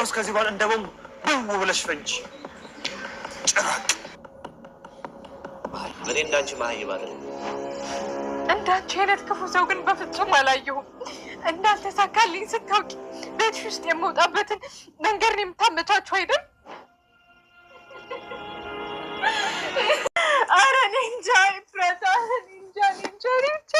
ወዲያውስ ከዚህ በኋላ እንደ ቦምብ ብው ብለሽ ፈንጂ ጭራቅ። እኔ እንዳንቺ መሀይም አለ እንዳንቺ አይነት ክፉ ሰው ግን በፍጹም አላየሁም። እንዳልተሳካልኝ ስታውቂ ቤትሽ ውስጥ የመውጣበትን መንገድ ነው የምታመቻችሁ አይደል? አረ እኔ እንጃ ይፍረታ እንጃ እንጃ ብቻ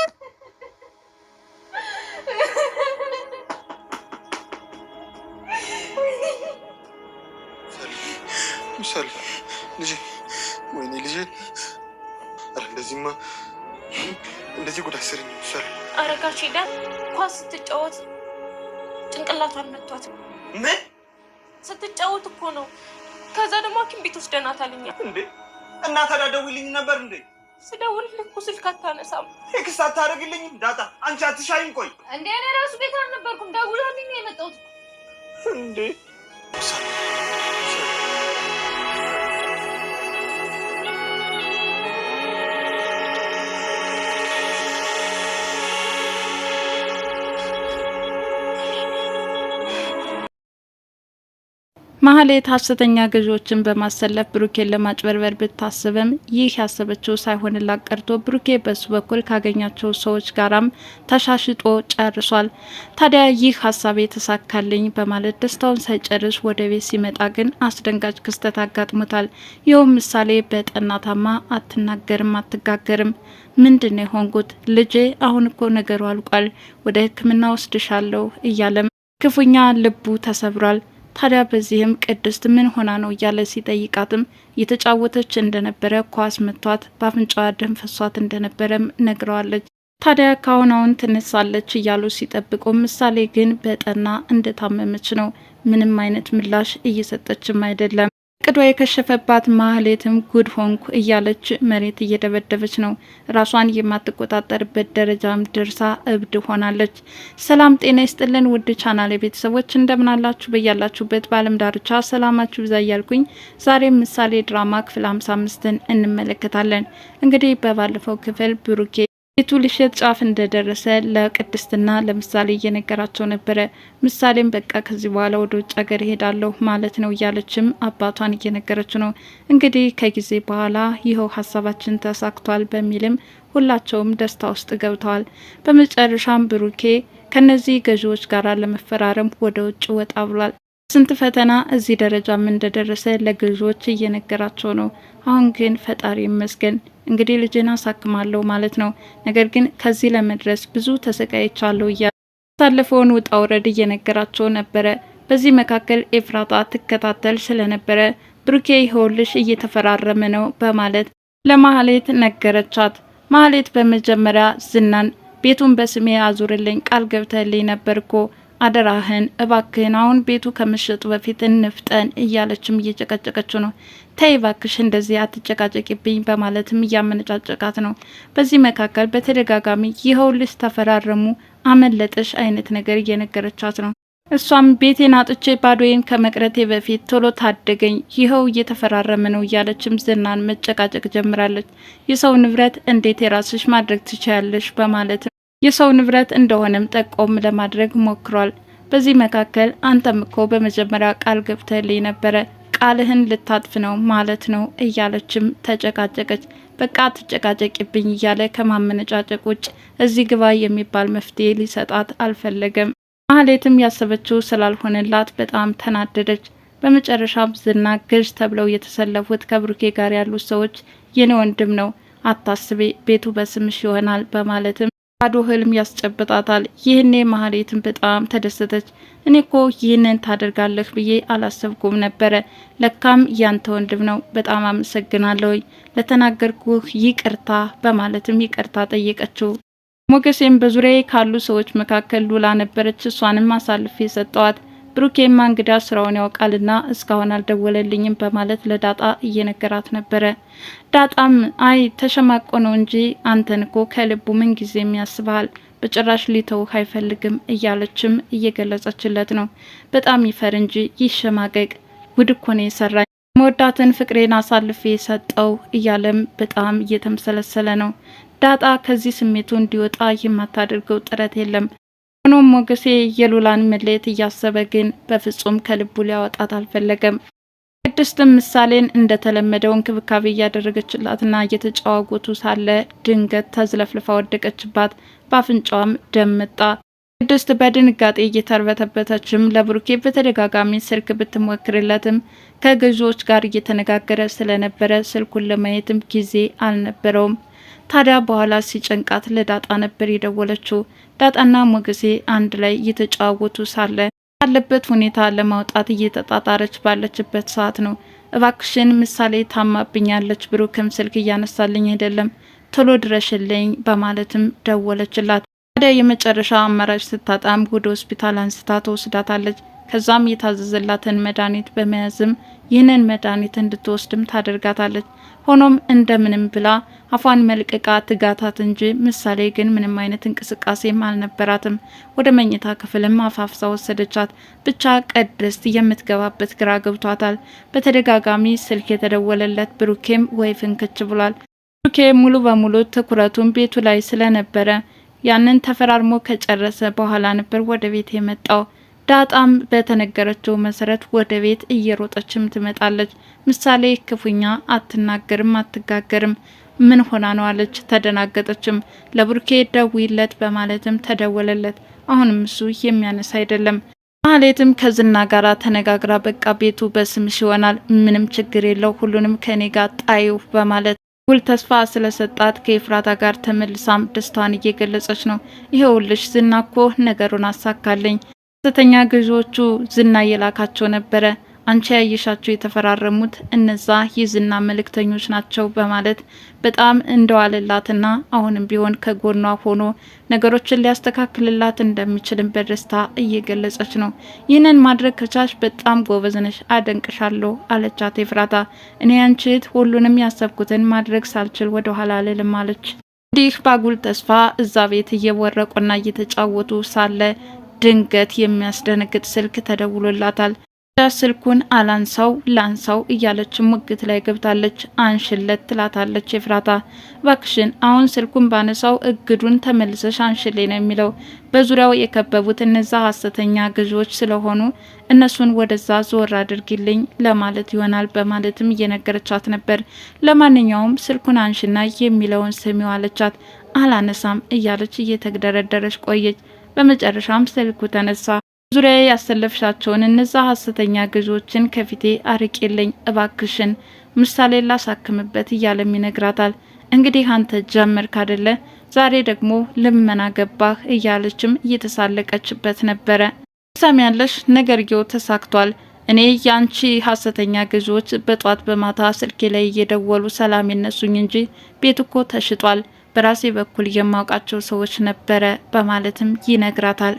ምሳሌ ልጄ፣ ወይኔ ልጄ፣ እንደዚህማ እንደዚህ ጉዳት ስር ምሳሌ አረጋች ሄዳ ኳስ ስትጫወት ጭንቅላቷን መቷት። ምን ስትጫወት እኮ ነው። ከዛ ደግሞ ሐኪም ቤት ወስደናታል እኛ። እንዴ እና ታዲያ ነበር እንዴ? ስደውልልህ እኮ ስልክ አታነሳም። ቴክስት አታደርግልኝም። ዳጣ አንቺ አትሻይም። ቆይ እንዴ እኔ ራሱ ቤት አልነበርኩም። ደውላልኝ ነው የመጣሁት んで。ማህሌት ሀሰተኛ ገዢዎችን በማሰለፍ ብሩኬን ለማጭበርበር ብታስብም ይህ ያሰበችው ሳይሆንላት ቀርቶ ብሩኬ በሱ በኩል ካገኛቸው ሰዎች ጋራም ተሻሽጦ ጨርሷል። ታዲያ ይህ ሀሳብ የተሳካልኝ በማለት ደስታውን ሳይጨርስ ወደ ቤት ሲመጣ ግን አስደንጋጭ ክስተት አጋጥሞታል። ይኸውም ምሳሌ በጠናታማ አትናገርም፣ አትጋገርም። ምንድን ነው የሆንኩት? ልጄ አሁን እኮ ነገሩ አልቋል፣ ወደ ሕክምና ወስድሻለሁ እያለም ክፉኛ ልቡ ተሰብሯል። ታዲያ በዚህም ቅድስት ምን ሆና ነው እያለ ሲጠይቃትም እየተጫወተች እንደነበረ ኳስ መቷት በአፍንጫዋ ደም ፈሷት እንደነበረም ነግረዋለች። ታዲያ ካሁን አሁን ትነሳለች እያሉ ሲጠብቁ ምሳሌ ግን በጠና እንደታመመች ነው። ምንም አይነት ምላሽ እየሰጠችም አይደለም። እቅዷ የከሸፈባት ማህሌትም ጉድ ሆንኩ እያለች መሬት እየደበደበች ነው። ራሷን የማትቆጣጠርበት ደረጃም ደርሳ እብድ ሆናለች። ሰላም ጤና ይስጥልን ውድ ቻናል የቤተሰቦች እንደምናላችሁ በያላችሁበት በአለም ዳርቻ ሰላማችሁ ብዛ እያልኩኝ ዛሬም ምሳሌ ድራማ ክፍል 55ን እንመለከታለን። እንግዲህ በባለፈው ክፍል ብሩኬ ቤቱ ልሸት ጫፍ እንደደረሰ ለቅድስትና ለምሳሌ እየነገራቸው ነበረ። ምሳሌም በቃ ከዚህ በኋላ ወደ ውጭ ሀገር ይሄዳለሁ ማለት ነው እያለችም አባቷን እየነገረች ነው። እንግዲህ ከጊዜ በኋላ ይኸው ሀሳባችን ተሳክቷል በሚልም ሁላቸውም ደስታ ውስጥ ገብተዋል። በመጨረሻም ብሩኬ ከነዚህ ገዢዎች ጋር ለመፈራረም ወደ ውጭ ወጣ ብሏል። ስንት ፈተና እዚህ ደረጃም እንደደረሰ ለግዥዎች እየነገራቸው ነው። አሁን ግን ፈጣሪ ይመስገን እንግዲህ ልጅን አሳክማለሁ ማለት ነው። ነገር ግን ከዚህ ለመድረስ ብዙ ተሰቃይቻለሁ እያለ ያሳለፈውን ውጣ ውረድ እየነገራቸው ነበረ። በዚህ መካከል ኤፍራታ ትከታተል ስለነበረ ብሩኬ ይኸውልሽ እየተፈራረመ ነው በማለት ለማህሌት ነገረቻት። ማህሌት በመጀመሪያ ዝናን ቤቱን በስሜ አዙርልኝ ቃል ገብተልኝ ነበር እኮ አደራህን እባክህን አሁን ቤቱ ከምሸጡ በፊት እንፍጠን እያለችም እየጨቀጨቀችው ነው። ተይ እባክሽ እንደዚህ አትጨቃጨቂብኝ በማለትም እያመነጫጨቃት ነው። በዚህ መካከል በተደጋጋሚ ልስ ተፈራረሙ አመለጠሽ አይነት ነገር እየነገረቻት ነው። እሷም ቤቴን አጥቼ ባዶዬን ከመቅረቴ በፊት ቶሎ ታደገኝ፣ ይኸው እየተፈራረመ ነው እያለችም ዝናን መጨቃጨቅ ጀምራለች። የሰው ንብረት እንዴት የራስሽ ማድረግ ትችያለሽ በማለት የሰው ንብረት እንደሆነም ጠቆም ለማድረግ ሞክሯል። በዚህ መካከል አንተም እኮ በመጀመሪያ ቃል ገብተህልኝ ነበረ ቃልህን ልታጥፍ ነው ማለት ነው እያለችም ተጨቃጨቀች። በቃ ትጨቃጨቂብኝ እያለ ከማመነጫጨቅ ውጭ እዚህ ግባ የሚባል መፍትሄ ሊሰጣት አልፈለገም። ማህሌትም ያሰበችው ስላልሆነላት በጣም ተናደደች። በመጨረሻም ዝና ገዥ ተብለው የተሰለፉት ከብሩኬ ጋር ያሉት ሰዎች የኔ ወንድም ነው አታስቤ፣ ቤቱ በስምሽ ይሆናል በማለትም ባዶ ህልም ያስጨብጣታል። ይህኔ ማህሌትን በጣም ተደሰተች። እኔ እኮ ይህንን ታደርጋለህ ብዬ አላሰብኩም ነበረ፣ ለካም ያንተ ወንድም ነው። በጣም አመሰግናለሁኝ ለተናገርኩህ ይቅርታ በማለትም ይቅርታ ጠየቀችው። ሞገሴም በዙሪያ ካሉ ሰዎች መካከል ሉላ ነበረች፣ እሷንም አሳልፌ ሰጠዋት ብሩኬማ እንግዳ ስራውን ያውቃልና እስካሁን አልደወለልኝም በማለት ለዳጣ እየነገራት ነበረ። ዳጣም አይ ተሸማቆ ነው እንጂ አንተን እኮ ከልቡ ምን ጊዜ የሚያስብሃል በጭራሽ ሊተውህ አይፈልግም እያለችም እየገለጸችለት ነው። በጣም ይፈር እንጂ ይሸማቀቅ፣ ውድ እኮ ነው የሰራኝ መወዳትን ፍቅሬን አሳልፌ የሰጠው እያለም በጣም እየተምሰለሰለ ነው። ዳጣ ከዚህ ስሜቱ እንዲወጣ የማታደርገው ጥረት የለም። ሆኖም ሞገሴ የሉላን መለየት እያሰበ ግን በፍጹም ከልቡ ሊያወጣት አልፈለገም። ቅድስትም ምሳሌን እንደተለመደው እንክብካቤ እያደረገችላትና እየተጫዋወቱ ሳለ ድንገት ተዝለፍልፋ ወደቀችባት፣ በአፍንጫዋም ደም መጣ። ቅድስት በድንጋጤ እየተርበተበተችም ለብሩኬ በተደጋጋሚ ስልክ ብትሞክርለትም ከገዢዎች ጋር እየተነጋገረ ስለነበረ ስልኩን ለማየትም ጊዜ አልነበረውም። ታዲያ በኋላ ሲጨንቃት ለዳጣ ነበር የደወለችው። ዳጣና ሞገሴ አንድ ላይ እየተጫወቱ ሳለ ካለበት ሁኔታ ለማውጣት እየተጣጣረች ባለችበት ሰዓት ነው እባክሽን ምሳሌ ታማብኛለች፣ ብሩክም ስልክ እያነሳልኝ አይደለም፣ ቶሎ ድረሽልኝ በማለትም ደወለችላት። ታዲያ የመጨረሻ አማራጭ ስታጣም ወደ ሆስፒታል አንስታ ተወስዳታለች። ከዛም የታዘዘላትን መድኃኒት በመያዝም ይህንን መድኃኒት እንድትወስድም ታደርጋታለች። ሆኖም እንደምንም ብላ አፏን መልቅቃ ትጋታት እንጂ ምሳሌ ግን ምንም አይነት እንቅስቃሴም አልነበራትም። ወደ መኝታ ክፍልም አፋፍሳ ወሰደቻት። ብቻ ቅድስት የምትገባበት ግራ ገብቷታል። በተደጋጋሚ ስልክ የተደወለለት ብሩኬም ወይ ፍንክች ብሏል። ብሩኬ ሙሉ በሙሉ ትኩረቱን ቤቱ ላይ ስለነበረ ያንን ተፈራርሞ ከጨረሰ በኋላ ነበር ወደ ቤት የመጣው። ዳጣም በተነገረችው መሰረት ወደ ቤት እየሮጠችም ትመጣለች። ምሳሌ ክፉኛ አትናገርም፣ አትጋገርም ምን ሆና ነው አለች። ተደናገጠችም። ለብሩኬ ደዊለት በማለትም ተደወለለት። አሁንም እሱ የሚያነሳ አይደለም። ማለትም ከዝና ጋር ተነጋግራ በቃ ቤቱ በስምሽ ይሆናል፣ ምንም ችግር የለው፣ ሁሉንም ከኔ ጋር ጣዩ በማለት ሁል ተስፋ ስለሰጣት ከኤፍራታ ጋር ተመልሳም ደስታዋን እየገለጸች ነው። ይኸውልሽ ዝና እኮ ነገሩን አሳካለኝ። ስተኛ ገዢዎቹ ዝና እየላካቸው ነበረ አንቺ ያየሻቸው የተፈራረሙት እነዛ የዝና መልእክተኞች ናቸው በማለት በጣም እንደዋለላትና አሁንም ቢሆን ከጎኗ ሆኖ ነገሮችን ሊያስተካክልላት እንደሚችልም በደስታ እየገለጸች ነው። ይህንን ማድረግ ከቻሽ በጣም ጎበዝነሽ፣ አደንቅሻለሁ አለቻት ኤፍራታ። እኔ አንቺ እህት ሁሉንም ያሰብኩትን ማድረግ ሳልችል ወደኋላ ኋላ አልልም አለች። እንዲህ ባጉል ተስፋ እዛ ቤት እየወረቁና እየተጫወቱ ሳለ ድንገት የሚያስደነግጥ ስልክ ተደውሎላታል። ስልኩን አላንሳው ላንሳው እያለች ሙግት ላይ ገብታለች። አንሽለት ትላታለች ኤፍራታ። ባክሽን አሁን ስልኩን ባነሳው እግዱን ተመልሰሽ አንሽሌ ነው የሚለው። በዙሪያው የከበቡት እነዛ ሀሰተኛ ገዢዎች ስለሆኑ እነሱን ወደዛ ዞር አድርጊልኝ ለማለት ይሆናል በማለትም እየነገረቻት ነበር። ለማንኛውም ስልኩን አንሽና የሚለውን ስሚው አለቻት። አላነሳም እያለች እየተግደረደረች ቆየች። በመጨረሻም ስልኩ ተነሳ። ዙሪያ ያሰለፍሻቸውን እነዛ ሀሰተኛ ገዢዎችን ከፊቴ አርቄለኝ እባክሽን ምሳሌ ላሳክምበት እያለም ይነግራታል። እንግዲህ አንተ ጀመርክ አደለ ዛሬ ደግሞ ልመና ገባህ እያለችም እየተሳለቀችበት ነበረ። ሳም ያለሽ ነገርየው ተሳክቷል። እኔ ያንቺ ሀሰተኛ ገዢዎች በጧት በማታ ስልኬ ላይ እየደወሉ ሰላም ይነሱኝ እንጂ ቤት እኮ ተሽጧል በራሴ በኩል የማውቃቸው ሰዎች ነበረ በማለትም ይነግራታል።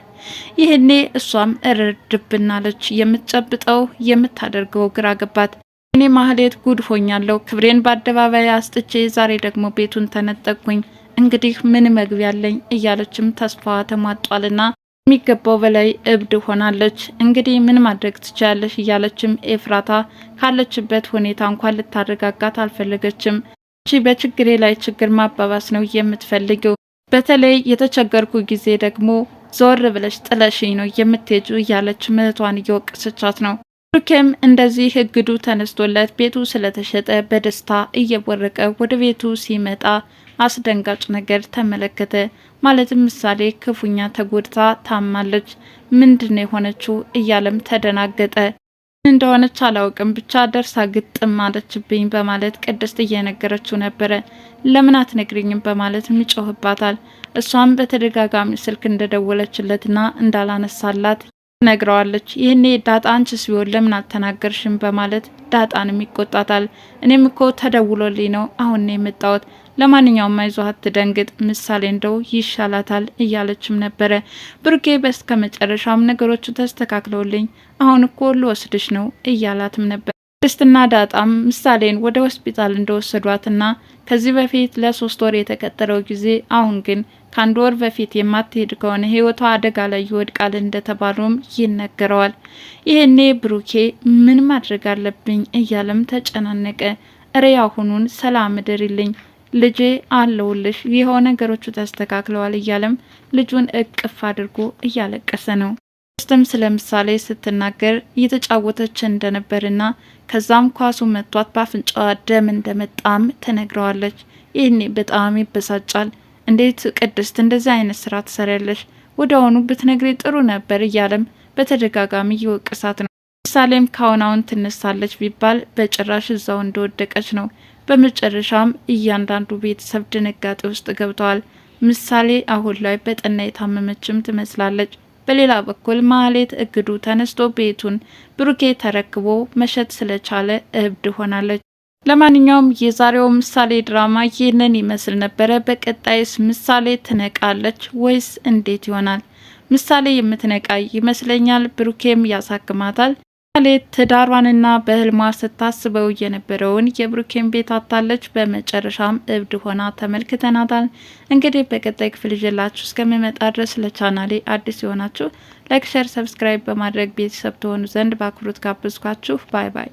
ይህኔ እሷም እርድብናለች። የምትጨብጠው የምታደርገው ግራ ገባት። እኔ ማህሌት ጉድ ሆኛለሁ፣ ክብሬን በአደባባይ አስጥቼ ዛሬ ደግሞ ቤቱን ተነጠቅኩኝ። እንግዲህ ምን መግቢያ አለኝ እያለችም ተስፋዋ ተሟጧልና የሚገባው በላይ እብድ ሆናለች። እንግዲህ ምን ማድረግ ትችላለሽ እያለችም ኤፍራታ ካለችበት ሁኔታ እንኳን ልታረጋጋት አልፈለገችም። አንቺ በችግሬ ላይ ችግር ማባባስ ነው የምትፈልጊው። በተለይ የተቸገርኩ ጊዜ ደግሞ ዞር ብለሽ ጥለሽኝ ነው የምትሄጁ እያለች ምህቷን እየወቀሰቻት ነው። ብሩኬም እንደዚህ እግዱ ተነስቶለት ቤቱ ስለተሸጠ በደስታ እየቦረቀ ወደ ቤቱ ሲመጣ አስደንጋጭ ነገር ተመለከተ። ማለትም ምሳሌ ክፉኛ ተጎድታ ታማለች። ምንድነው የሆነችው እያለም ተደናገጠ። እንደሆነች አላውቅም ብቻ ደርሳ ግጥም አለችብኝ በማለት ቅድስት እየነገረችው ነበረ። ለምን አትነግሪኝም በማለትም ይጮህባታል። እሷም በተደጋጋሚ ስልክ እንደደወለችለትና እንዳላነሳላት ነግረዋለች። ይህኔ ዳጣ አንቺ ቢሆን ለምን አልተናገርሽም በማለት ዳጣንም ይቆጣታል። እኔም እኮ ተደውሎልኝ ነው አሁን ነው የመጣሁት ለማንኛውም አይዞህ አትደንግጥ፣ ምሳሌ እንደው ይሻላታል እያለችም ነበረ። ብሩኬ በስከ መጨረሻም ነገሮቹ ተስተካክለውልኝ አሁን እኮ ልወስድሽ ነው እያላትም ነበር። ቅድስትና ዳጣም ምሳሌን ወደ ሆስፒታል እንደወሰዷትና ከዚህ በፊት ለሶስት ወር የተቀጠረው ጊዜ አሁን ግን ከአንድ ወር በፊት የማትሄድ ከሆነ ህይወቷ አደጋ ላይ ይወድቃል እንደተባሉም ይነገረዋል። ይህኔ ብሩኬ ምን ማድረግ አለብኝ እያለም ተጨናነቀ። እሬ አሁኑን ሰላም እደሪልኝ ልጄ አለውልሽ፣ የሆነ ነገሮቹ ተስተካክለዋል እያለም ልጁን እቅፍ አድርጎ እያለቀሰ ነው። ስትም ስለ ምሳሌ ስትናገር እየተጫወተች እንደነበርና ከዛም ኳሱ መቷት በአፍንጫዋ ደም እንደመጣም ተነግረዋለች። ይህኔ በጣም ይበሳጫል። እንዴት ቅድስት እንደዚህ አይነት ስራ ትሰሪያለሽ? ወደ አሁኑ ብትነግሬ ጥሩ ነበር እያለም በተደጋጋሚ ይወቅሳት ነው። ምሳሌም ካሁን አሁን ትነሳለች ቢባል በጭራሽ እዛው እንደወደቀች ነው። በመጨረሻም እያንዳንዱ ቤተሰብ ድንጋጤ ውስጥ ገብተዋል። ምሳሌ አሁን ላይ በጠና የታመመችም ትመስላለች። በሌላ በኩል ማህሌት እግዱ ተነስቶ ቤቱን ብሩኬ ተረክቦ መሸጥ ስለቻለ እብድ ሆናለች። ለማንኛውም የዛሬው ምሳሌ ድራማ ይህንን ይመስል ነበረ። በቀጣይስ ምሳሌ ትነቃለች ወይስ እንዴት ይሆናል? ምሳሌ የምትነቃ ይመስለኛል። ብሩኬም ያሳክማታል። ማህሌት ትዳሯንና በህልሟ ስታስበው የነበረውን የብሩኬን ቤት አታለች። በመጨረሻም እብድ ሆና ተመልክተናታል። እንግዲህ በቀጣይ ክፍል ይዤላችሁ እስከሚመጣ ድረስ ለቻናሌ አዲስ የሆናችሁ ላይክ፣ ሸር፣ ሰብስክራይብ በማድረግ ቤተሰብ ትሆኑ ዘንድ በአክብሮት ጋብዝኳችሁ። ባይ ባይ።